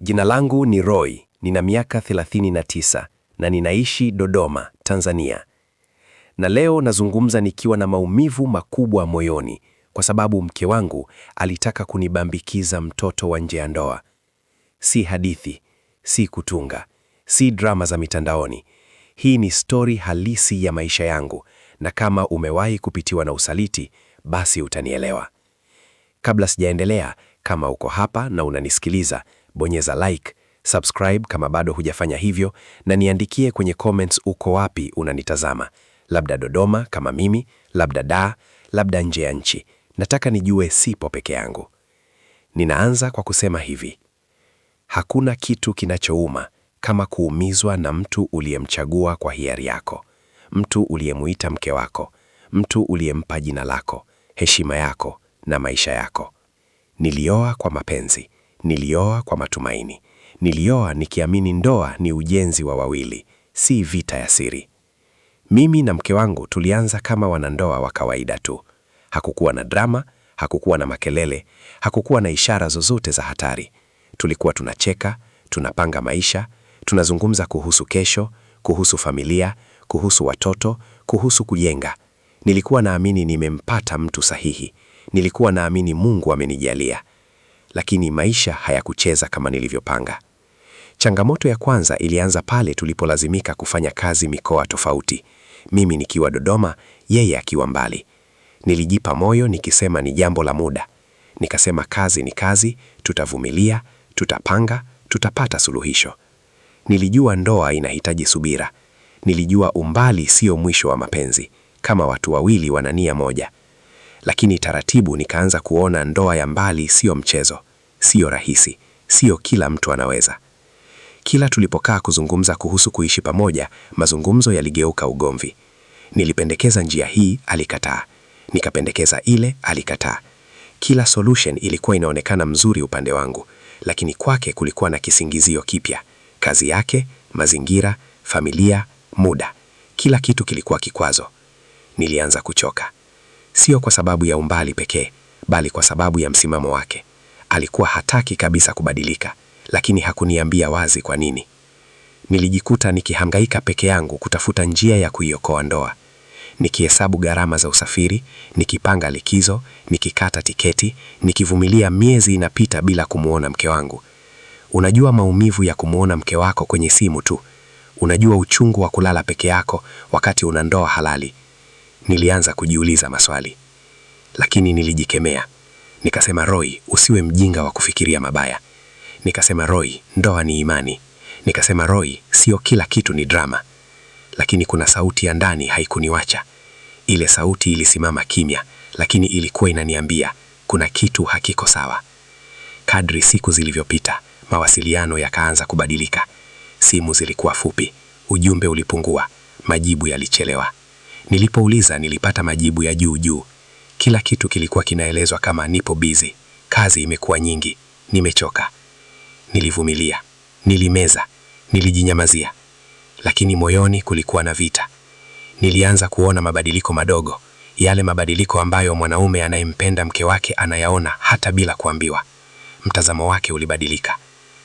Jina langu ni Roy, nina miaka 39 na ninaishi Dodoma, Tanzania. Na leo nazungumza nikiwa na maumivu makubwa moyoni kwa sababu mke wangu alitaka kunibambikiza mtoto wa nje ya ndoa. Si hadithi, si kutunga, si drama za mitandaoni. Hii ni stori halisi ya maisha yangu, na kama umewahi kupitiwa na usaliti, basi utanielewa. Kabla sijaendelea, kama uko hapa na unanisikiliza bonyeza like, subscribe kama bado hujafanya hivyo, na niandikie kwenye comments uko wapi unanitazama, labda Dodoma kama mimi, labda Dar, labda nje ya nchi. Nataka nijue sipo peke yangu. Ninaanza kwa kusema hivi: hakuna kitu kinachouma kama kuumizwa na mtu uliyemchagua kwa hiari yako, mtu uliyemuita mke wako, mtu uliyempa jina lako, heshima yako na maisha yako. Nilioa kwa mapenzi, Nilioa kwa matumaini. Nilioa nikiamini ndoa ni ujenzi wa wawili, si vita ya siri. Mimi na mke wangu tulianza kama wanandoa wa kawaida tu. Hakukuwa na drama, hakukuwa na makelele, hakukuwa na ishara zozote za hatari. Tulikuwa tunacheka, tunapanga maisha, tunazungumza kuhusu kesho, kuhusu familia, kuhusu watoto, kuhusu kujenga. Nilikuwa naamini nimempata mtu sahihi. Nilikuwa naamini Mungu amenijalia lakini maisha hayakucheza kama nilivyopanga. Changamoto ya kwanza ilianza pale tulipolazimika kufanya kazi mikoa tofauti, mimi nikiwa Dodoma, yeye akiwa mbali. Nilijipa moyo nikisema ni jambo la muda. Nikasema kazi ni kazi, tutavumilia, tutapanga, tutapata suluhisho. Nilijua ndoa inahitaji subira. Nilijua umbali sio mwisho wa mapenzi, kama watu wawili wanania moja lakini taratibu nikaanza kuona ndoa ya mbali siyo mchezo, siyo rahisi, siyo kila mtu anaweza. Kila tulipokaa kuzungumza kuhusu kuishi pamoja, mazungumzo yaligeuka ugomvi. Nilipendekeza njia hii, alikataa. Nikapendekeza ile, alikataa. Kila solution ilikuwa inaonekana mzuri upande wangu, lakini kwake kulikuwa na kisingizio kipya: kazi yake, mazingira, familia, muda. Kila kitu kilikuwa kikwazo. Nilianza kuchoka sio kwa sababu ya umbali pekee, bali kwa sababu ya msimamo wake. Alikuwa hataki kabisa kubadilika, lakini hakuniambia wazi kwa nini. Nilijikuta nikihangaika peke yangu kutafuta njia ya kuiokoa ndoa, nikihesabu gharama za usafiri, nikipanga likizo, nikikata tiketi, nikivumilia. Miezi inapita bila kumwona mke wangu. Unajua maumivu ya kumwona mke wako kwenye simu tu. Unajua uchungu wa kulala peke yako wakati una ndoa halali nilianza kujiuliza maswali, lakini nilijikemea. Nikasema, Roy, usiwe mjinga wa kufikiria mabaya. Nikasema, Roy, ndoa ni imani. Nikasema, Roy, sio kila kitu ni drama. Lakini kuna sauti ya ndani haikuniwacha. Ile sauti ilisimama kimya, lakini ilikuwa inaniambia kuna kitu hakiko sawa. Kadri siku zilivyopita, mawasiliano yakaanza kubadilika. Simu zilikuwa fupi, ujumbe ulipungua, majibu yalichelewa. Nilipouliza nilipata majibu ya juu juu. Kila kitu kilikuwa kinaelezwa kama nipo bizi, kazi imekuwa nyingi, nimechoka. Nilivumilia, nilimeza, nilijinyamazia, lakini moyoni kulikuwa na vita. Nilianza kuona mabadiliko madogo, yale mabadiliko ambayo mwanaume anayempenda mke wake anayaona hata bila kuambiwa. Mtazamo wake ulibadilika,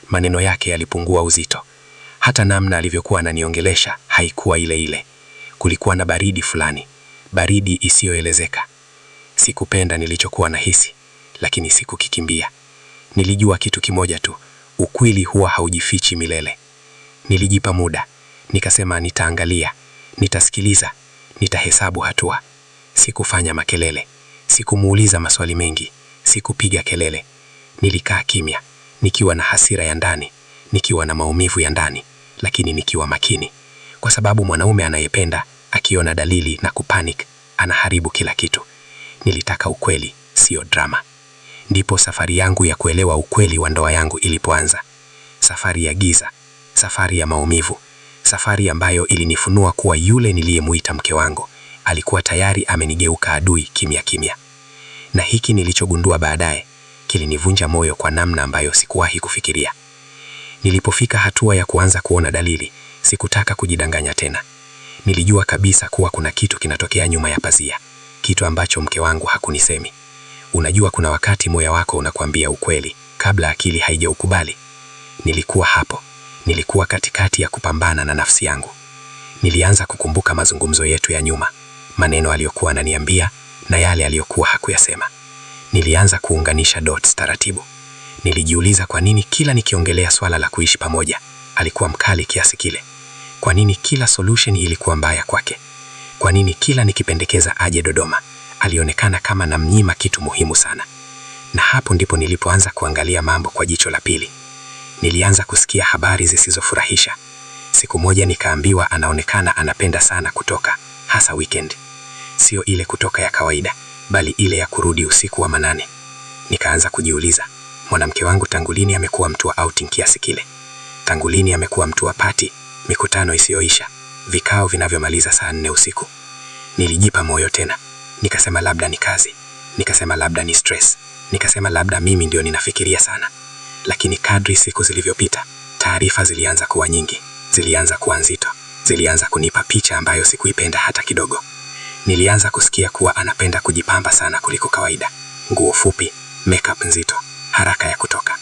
maneno yake yalipungua uzito, hata namna alivyokuwa ananiongelesha haikuwa ile ile. Kulikuwa na baridi fulani, baridi isiyoelezeka. Sikupenda nilichokuwa nahisi, lakini sikukikimbia. Nilijua kitu kimoja tu, ukweli huwa haujifichi milele. Nilijipa muda, nikasema nitaangalia, nitasikiliza, nitahesabu hatua. Sikufanya makelele, sikumuuliza maswali mengi, sikupiga kelele. Nilikaa kimya, nikiwa na hasira ya ndani, nikiwa na maumivu ya ndani, lakini nikiwa makini, kwa sababu mwanaume anayependa akiona dalili na kupanic, anaharibu kila kitu. Nilitaka ukweli, sio drama. Ndipo safari yangu ya kuelewa ukweli wa ndoa yangu ilipoanza. Safari ya giza, safari ya maumivu, safari ambayo ilinifunua kuwa yule niliyemuita mke wangu alikuwa tayari amenigeuka adui kimya kimya. Na hiki nilichogundua baadaye kilinivunja moyo kwa namna ambayo sikuwahi kufikiria. Nilipofika hatua ya kuanza kuona dalili, sikutaka kujidanganya tena. Nilijua kabisa kuwa kuna kitu kinatokea nyuma ya pazia, kitu ambacho mke wangu hakunisemi. Unajua, kuna wakati moyo wako unakuambia ukweli kabla akili haijaukubali. Nilikuwa hapo, nilikuwa katikati ya kupambana na nafsi yangu. Nilianza kukumbuka mazungumzo yetu ya nyuma, maneno aliyokuwa ananiambia na yale aliyokuwa hakuyasema. Nilianza kuunganisha dots taratibu. Nilijiuliza kwa nini kila nikiongelea swala la kuishi pamoja alikuwa mkali kiasi kile. Kwa nini kila solution ilikuwa mbaya kwake? Kwa nini kila nikipendekeza aje Dodoma alionekana kama namnyima kitu muhimu sana? Na hapo ndipo nilipoanza kuangalia mambo kwa jicho la pili. Nilianza kusikia habari zisizofurahisha. Siku moja nikaambiwa anaonekana anapenda sana kutoka, hasa weekend. Sio ile kutoka ya kawaida, bali ile ya kurudi usiku wa manane. Nikaanza kujiuliza, mwanamke wangu tangu lini amekuwa mtu wa outing kiasi kile? Tangu lini amekuwa mtu wa party mikutano isiyoisha, vikao vinavyomaliza saa nne usiku. Nilijipa moyo tena, nikasema labda ni kazi, nikasema labda ni stress, nikasema labda mimi ndio ninafikiria sana. Lakini kadri siku zilivyopita, taarifa zilianza kuwa nyingi, zilianza kuwa nzito, zilianza kunipa picha ambayo sikuipenda hata kidogo. Nilianza kusikia kuwa anapenda kujipamba sana kuliko kawaida, nguo fupi, makeup nzito, haraka ya kutoka.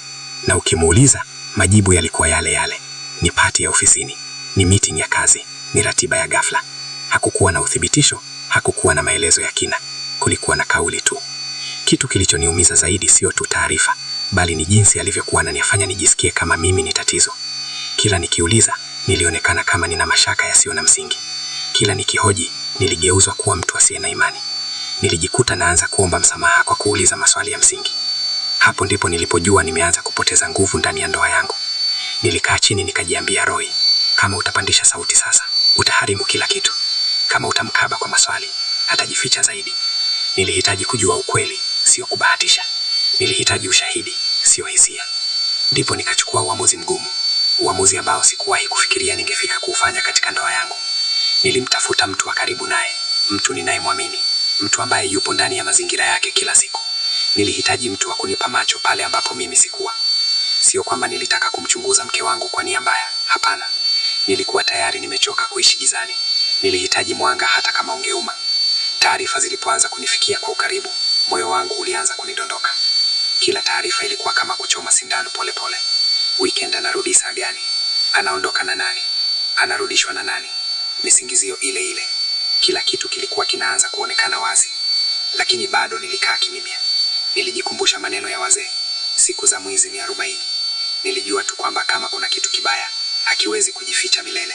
Na ukimuuliza majibu yalikuwa yale yale, ni pati ya ofisini. Ni meeting ya kazi, ni ratiba ya ghafla. Hakukuwa na uthibitisho, hakukuwa na maelezo ya kina, kulikuwa na kauli tu. Kitu kilichoniumiza zaidi sio tu taarifa, bali ni jinsi alivyokuwa ananifanya nijisikie kama mimi ni tatizo. Kila nikiuliza, nilionekana kama nina mashaka yasiyo na msingi. Kila nikihoji, niligeuzwa kuwa mtu asiye na imani. Nilijikuta naanza kuomba msamaha kwa kuuliza maswali ya msingi. Hapo ndipo nilipojua nimeanza kupoteza nguvu ndani ya ndoa yangu. Nilikaa chini nikajiambia, Roy, kama utapandisha sauti sasa, utaharibu kila kitu. Kama utamkaba kwa maswali, atajificha zaidi. Nilihitaji kujua ukweli, sio kubahatisha. Nilihitaji ushahidi, sio hisia. Ndipo nikachukua uamuzi mgumu, uamuzi ambao sikuwahi kufikiria ningefika kuufanya katika ndoa yangu. Nilimtafuta mtu wa karibu naye, mtu ninayemwamini, mtu ambaye yupo ndani ya mazingira yake kila siku. Nilihitaji mtu wa kunipa macho pale ambapo mimi sikuwa. Sio kwamba nilitaka kumchunguza mke wangu kwa nia mbaya, hapana. Nilikuwa tayari nimechoka kuishi gizani. Nilihitaji mwanga hata kama ungeuma. Taarifa zilipoanza kunifikia kwa ukaribu, moyo wangu ulianza kunidondoka. Kila taarifa ilikuwa kama kuchoma sindano polepole. Weekend anarudi saa gani? Anaondoka na nani? Anarudishwa na nani? Misingizio ile ile. Kila kitu kilikuwa kinaanza kuonekana wazi, lakini bado nilikaa kimimia Nilijikumbusha maneno ya wazee, siku za mwizi ni arobaini. Nilijua tu kwamba kama kuna kitu kibaya akiwezi kujificha milele.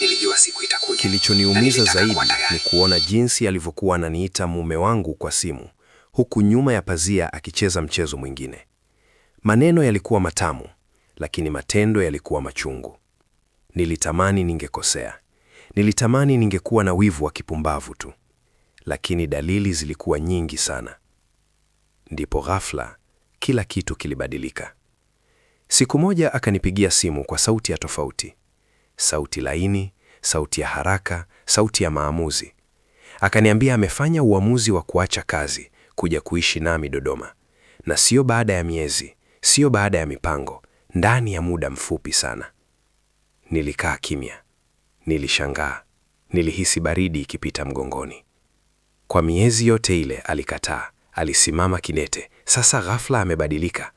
Nilijua siku itakuja. Kilichoniumiza zaidi ni kuona jinsi alivyokuwa ananiita mume wangu kwa simu, huku nyuma ya pazia akicheza mchezo mwingine. Maneno yalikuwa matamu, lakini matendo yalikuwa machungu. Nilitamani ningekosea, nilitamani ningekuwa na wivu wa kipumbavu tu, lakini dalili zilikuwa nyingi sana. Ndipo ghafla kila kitu kilibadilika. Siku moja akanipigia simu kwa sauti ya tofauti, sauti laini, sauti ya haraka, sauti ya maamuzi. Akaniambia amefanya uamuzi wa kuacha kazi kuja kuishi nami Dodoma, na sio baada ya miezi, sio baada ya mipango, ndani ya muda mfupi sana. Nilikaa kimya, nilishangaa, nilihisi baridi ikipita mgongoni. Kwa miezi yote ile alikataa, alisimama kinete Sasa ghafla amebadilika.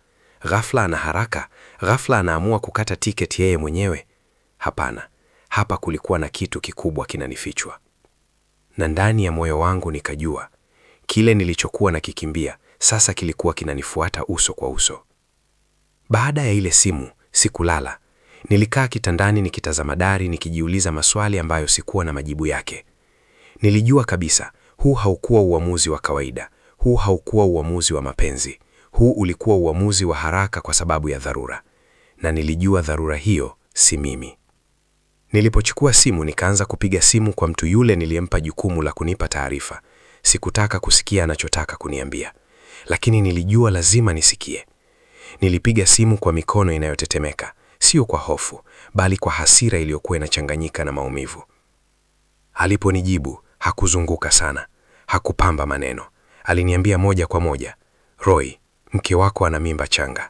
Ghafla ana haraka, ghafla anaamua kukata tiketi yeye mwenyewe. Hapana, hapa kulikuwa na kitu kikubwa kinanifichwa, na ndani ya moyo wangu nikajua kile nilichokuwa nakikimbia sasa kilikuwa kinanifuata uso kwa uso. Baada ya ile simu sikulala. Nilikaa kitandani nikitazama dari, nikijiuliza maswali ambayo sikuwa na majibu yake. Nilijua kabisa huu haukuwa uamuzi wa kawaida, huu haukuwa uamuzi wa mapenzi. Huu ulikuwa uamuzi wa haraka kwa sababu ya dharura, na nilijua dharura hiyo si mimi. Nilipochukua simu, nikaanza kupiga simu kwa mtu yule niliyempa jukumu la kunipa taarifa. Sikutaka kusikia anachotaka kuniambia, lakini nilijua lazima nisikie. Nilipiga simu kwa mikono inayotetemeka, sio kwa hofu, bali kwa hasira iliyokuwa inachanganyika na maumivu. Aliponijibu hakuzunguka sana, hakupamba maneno, aliniambia moja kwa moja, Roy, mke wako ana mimba changa,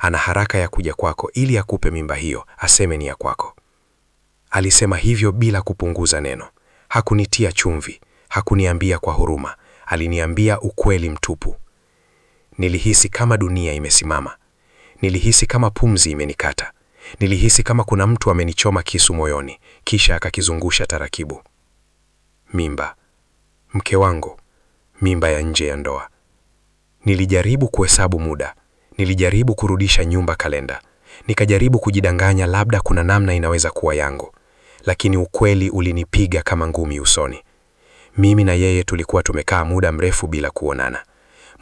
ana haraka ya kuja kwako ili akupe mimba hiyo, aseme ni ya kwako. Alisema hivyo bila kupunguza neno, hakunitia chumvi, hakuniambia kwa huruma, aliniambia ukweli mtupu. Nilihisi kama dunia imesimama, nilihisi kama pumzi imenikata, nilihisi kama kuna mtu amenichoma kisu moyoni, kisha akakizungusha taratibu. Mimba, mke wangu, mimba ya nje ya ndoa. Nilijaribu kuhesabu muda, nilijaribu kurudisha nyumba kalenda, nikajaribu kujidanganya labda kuna namna inaweza kuwa yangu, lakini ukweli ulinipiga kama ngumi usoni. Mimi na yeye tulikuwa tumekaa muda mrefu bila kuonana,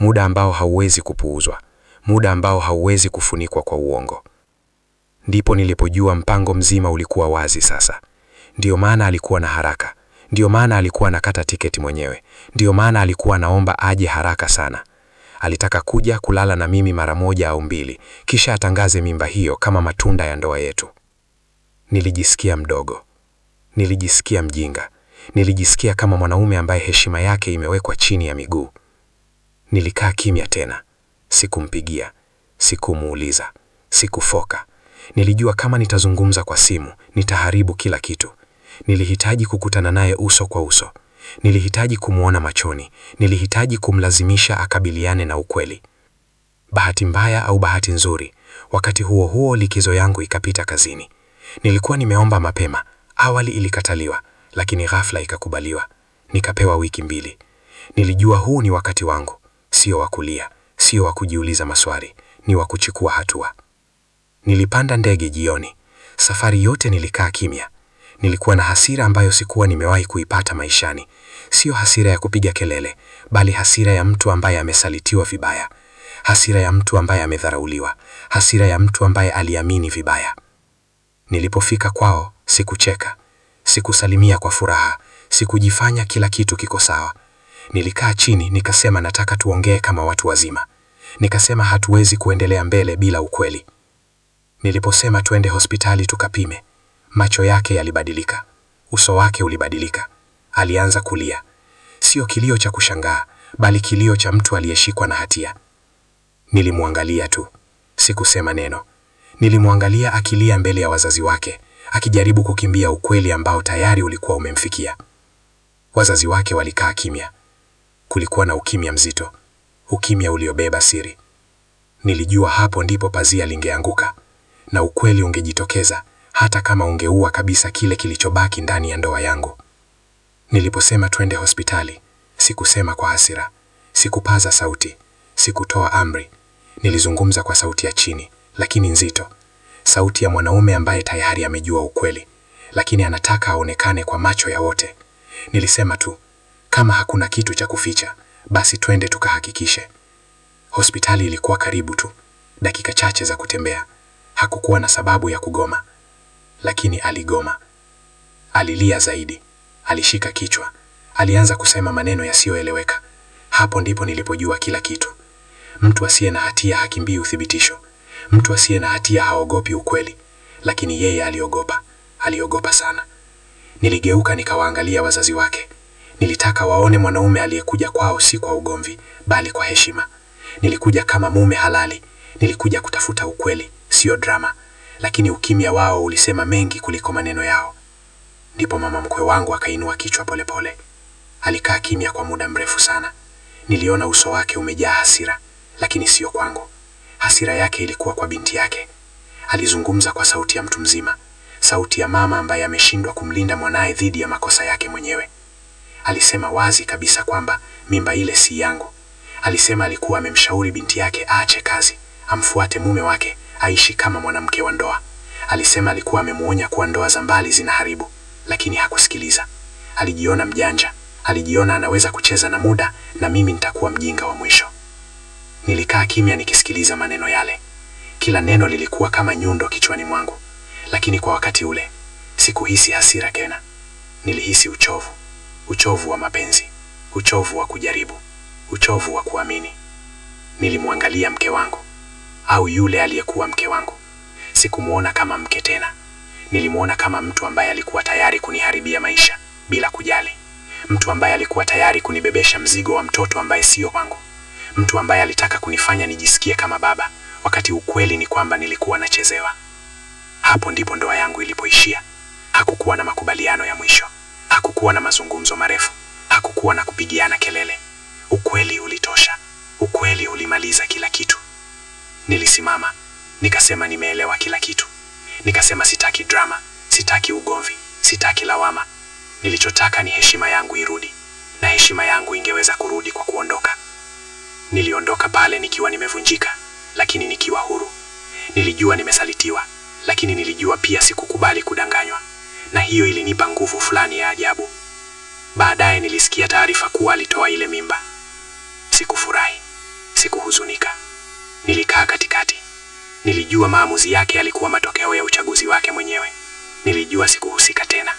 muda ambao hauwezi kupuuzwa, muda ambao hauwezi kufunikwa kwa uongo. Ndipo nilipojua mpango mzima ulikuwa wazi sasa. Ndiyo maana alikuwa na haraka, ndiyo maana alikuwa anakata tiketi mwenyewe, ndiyo maana alikuwa anaomba aje haraka sana. Alitaka kuja kulala na mimi mara moja au mbili, kisha atangaze mimba hiyo kama matunda ya ndoa yetu. Nilijisikia mdogo, nilijisikia mjinga, nilijisikia kama mwanaume ambaye heshima yake imewekwa chini ya miguu. Nilikaa kimya tena, sikumpigia, sikumuuliza, sikufoka. Nilijua kama nitazungumza kwa simu nitaharibu kila kitu. Nilihitaji kukutana naye uso kwa uso. Nilihitaji kumwona machoni, nilihitaji kumlazimisha akabiliane na ukweli. Bahati mbaya au bahati nzuri, wakati huo huo likizo yangu ikapita kazini. Nilikuwa nimeomba mapema, awali ilikataliwa, lakini ghafla ikakubaliwa. Nikapewa wiki mbili. Nilijua huu ni wakati wangu, sio wa kulia, sio wa kujiuliza maswali, ni wa kuchukua hatua. Nilipanda ndege jioni. Safari yote nilikaa kimya. Nilikuwa na hasira ambayo sikuwa nimewahi kuipata maishani. Sio hasira ya kupiga kelele, bali hasira ya mtu ambaye amesalitiwa vibaya, hasira ya mtu ambaye amedharauliwa, hasira ya mtu ambaye aliamini vibaya. Nilipofika kwao, sikucheka, sikusalimia kwa furaha, sikujifanya kila kitu kiko sawa. Nilikaa chini nikasema, nataka tuongee kama watu wazima. Nikasema hatuwezi kuendelea mbele bila ukweli. Niliposema twende hospitali tukapime, macho yake yalibadilika, uso wake ulibadilika alianza kulia, sio kilio cha kushangaa, bali kilio cha mtu aliyeshikwa na hatia. Nilimwangalia tu, sikusema neno. Nilimwangalia akilia mbele ya wazazi wake, akijaribu kukimbia ukweli ambao tayari ulikuwa umemfikia. Wazazi wake walikaa kimya. Kulikuwa na ukimya mzito, ukimya uliobeba siri. Nilijua hapo ndipo pazia lingeanguka na ukweli ungejitokeza, hata kama ungeua kabisa kile kilichobaki ndani ya ndoa yangu. Niliposema twende hospitali, sikusema kwa hasira, sikupaza sauti, sikutoa amri. Nilizungumza kwa sauti ya chini lakini nzito, sauti ya mwanaume ambaye tayari amejua ukweli, lakini anataka aonekane kwa macho ya wote. Nilisema tu, kama hakuna kitu cha kuficha, basi twende tukahakikishe. Hospitali ilikuwa karibu tu, dakika chache za kutembea. Hakukuwa na sababu ya kugoma, lakini aligoma. Alilia zaidi. Alishika kichwa, alianza kusema maneno yasiyoeleweka. Hapo ndipo nilipojua kila kitu. Mtu asiye na hatia hakimbii uthibitisho, mtu asiye na hatia haogopi ukweli, lakini yeye aliogopa, aliogopa sana. Niligeuka nikawaangalia wazazi wake. Nilitaka waone mwanaume aliyekuja kwao si kwa ugomvi, bali kwa heshima. Nilikuja kama mume halali, nilikuja kutafuta ukweli, sio drama, lakini ukimya wao ulisema mengi kuliko maneno yao. Ndipo mama mkwe wangu akainua kichwa polepole pole. Alikaa kimya kwa muda mrefu sana. Niliona uso wake umejaa hasira, lakini siyo kwangu. Hasira yake ilikuwa kwa binti yake. Alizungumza kwa sauti ya mtu mzima, sauti ya mama ambaye ameshindwa kumlinda mwanaye dhidi ya makosa yake mwenyewe. Alisema wazi kabisa kwamba mimba ile si yangu. Alisema alikuwa amemshauri binti yake aache kazi, amfuate mume wake, aishi kama mwanamke wa ndoa. Alisema alikuwa amemwonya kuwa ndoa za mbali zinaharibu lakini hakusikiliza. Alijiona mjanja, alijiona anaweza kucheza na muda na mimi nitakuwa mjinga wa mwisho. Nilikaa kimya nikisikiliza maneno yale. Kila neno lilikuwa kama nyundo kichwani mwangu, lakini kwa wakati ule sikuhisi hasira tena. Nilihisi uchovu, uchovu wa mapenzi, uchovu wa kujaribu, uchovu wa kuamini. Nilimwangalia mke wangu, au yule aliyekuwa mke wangu. Sikumwona kama mke tena, Nilimwona kama mtu ambaye alikuwa tayari kuniharibia maisha bila kujali, mtu ambaye alikuwa tayari kunibebesha mzigo wa mtoto ambaye siyo wangu, mtu ambaye alitaka kunifanya nijisikie kama baba, wakati ukweli ni kwamba nilikuwa nachezewa. Hapo ndipo ndoa yangu ilipoishia. Hakukuwa na makubaliano ya mwisho, hakukuwa na mazungumzo marefu, hakukuwa na kupigiana kelele. Ukweli ulitosha, ukweli ulimaliza kila kitu. Nilisimama nikasema, nimeelewa kila kitu. Nikasema sitaki drama, sitaki ugomvi, sitaki lawama. Nilichotaka ni heshima yangu irudi, na heshima yangu ingeweza kurudi kwa kuondoka. Niliondoka pale nikiwa nimevunjika, lakini nikiwa huru. Nilijua nimesalitiwa, lakini nilijua pia sikukubali kudanganywa, na hiyo ilinipa nguvu fulani ya ajabu. Baadaye nilisikia taarifa kuwa alitoa ile mimba. Sikufurahi, sikuhuzunika, nilikaa katikati. Nilijua maamuzi yake yalikuwa matokeo ya uchaguzi wake mwenyewe. Nilijua sikuhusika tena.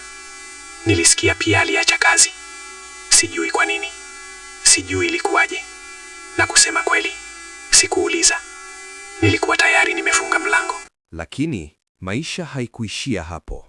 Nilisikia pia aliacha kazi, sijui kwa nini, sijui ilikuwaje. Na kusema kweli, sikuuliza. Nilikuwa tayari nimefunga mlango. Lakini maisha haikuishia hapo.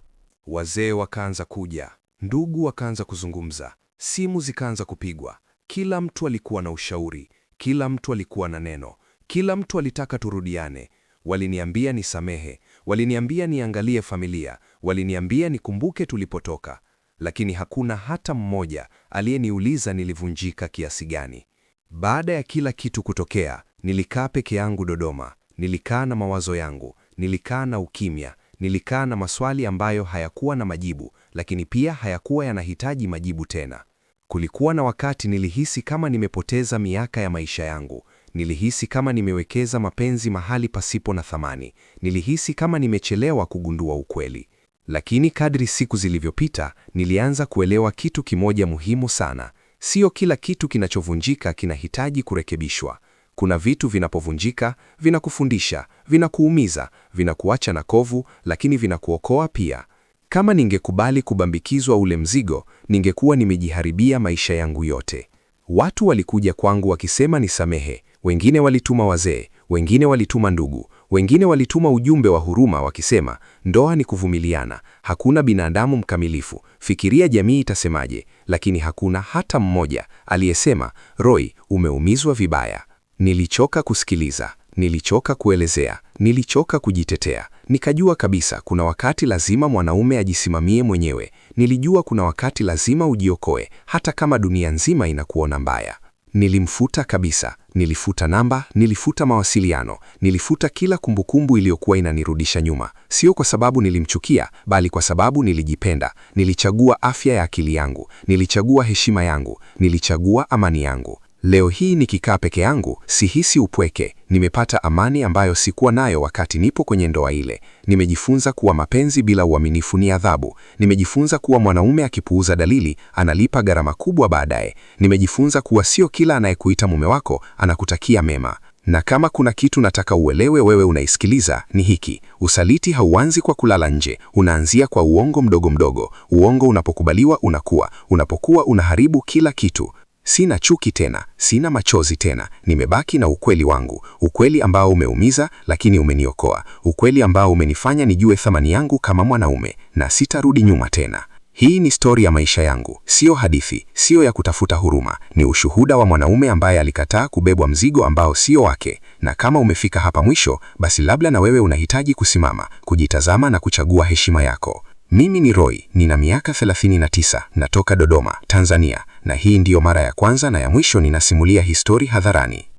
Wazee wakaanza kuja, ndugu wakaanza kuzungumza, simu zikaanza kupigwa. Kila mtu alikuwa na ushauri, kila mtu alikuwa na neno, kila mtu alitaka turudiane. Waliniambia nisamehe, waliniambia niangalie familia, waliniambia nikumbuke tulipotoka, lakini hakuna hata mmoja aliyeniuliza nilivunjika kiasi gani. Baada ya kila kitu kutokea, nilikaa peke yangu Dodoma, nilikaa na mawazo yangu, nilikaa na ukimya, nilikaa na maswali ambayo hayakuwa na majibu, lakini pia hayakuwa yanahitaji majibu tena. Kulikuwa na wakati nilihisi kama nimepoteza miaka ya maisha yangu, Nilihisi kama nimewekeza mapenzi mahali pasipo na thamani. Nilihisi kama nimechelewa kugundua ukweli. Lakini kadri siku zilivyopita, nilianza kuelewa kitu kimoja muhimu sana. Sio kila kitu kinachovunjika kinahitaji kurekebishwa. Kuna vitu vinapovunjika, vinakufundisha, vinakuumiza, vinakuacha na kovu, lakini vinakuokoa pia. Kama ningekubali kubambikizwa ule mzigo, ningekuwa nimejiharibia maisha yangu yote. Watu walikuja kwangu wakisema nisamehe, wengine walituma wazee, wengine walituma ndugu, wengine walituma ujumbe wa huruma wakisema, ndoa ni kuvumiliana, hakuna binadamu mkamilifu, fikiria jamii itasemaje. Lakini hakuna hata mmoja aliyesema, Roy, umeumizwa vibaya. Nilichoka kusikiliza, nilichoka kuelezea, nilichoka kujitetea. Nikajua kabisa kuna wakati lazima mwanaume ajisimamie mwenyewe. Nilijua kuna wakati lazima ujiokoe, hata kama dunia nzima inakuona mbaya. Nilimfuta kabisa, nilifuta namba, nilifuta mawasiliano, nilifuta kila kumbukumbu iliyokuwa inanirudisha nyuma, sio kwa sababu nilimchukia, bali kwa sababu nilijipenda. Nilichagua afya ya akili yangu, nilichagua heshima yangu, nilichagua amani yangu. Leo hii nikikaa peke yangu sihisi upweke. Nimepata amani ambayo sikuwa nayo wakati nipo kwenye ndoa ile. Nimejifunza kuwa mapenzi bila uaminifu ni adhabu. Nimejifunza kuwa mwanaume akipuuza dalili analipa gharama kubwa baadaye. Nimejifunza kuwa sio kila anayekuita mume wako anakutakia mema. Na kama kuna kitu nataka uelewe wewe unaisikiliza ni hiki: usaliti hauanzi kwa kulala nje, unaanzia kwa uongo mdogo mdogo. Uongo unapokubaliwa unakuwa, unapokuwa unaharibu kila kitu. Sina chuki tena, sina machozi tena, nimebaki na ukweli wangu, ukweli ambao umeumiza lakini umeniokoa, ukweli ambao umenifanya nijue thamani yangu kama mwanaume, na sitarudi nyuma tena. Hii ni stori ya maisha yangu, siyo hadithi, siyo ya kutafuta huruma. Ni ushuhuda wa mwanaume ambaye alikataa kubebwa mzigo ambao sio wake. Na kama umefika hapa mwisho, basi labda na wewe unahitaji kusimama, kujitazama na kuchagua heshima yako. Mimi ni Roy, nina miaka 39, natoka Dodoma, Tanzania, na hii ndiyo mara ya kwanza na ya mwisho ninasimulia histori hadharani.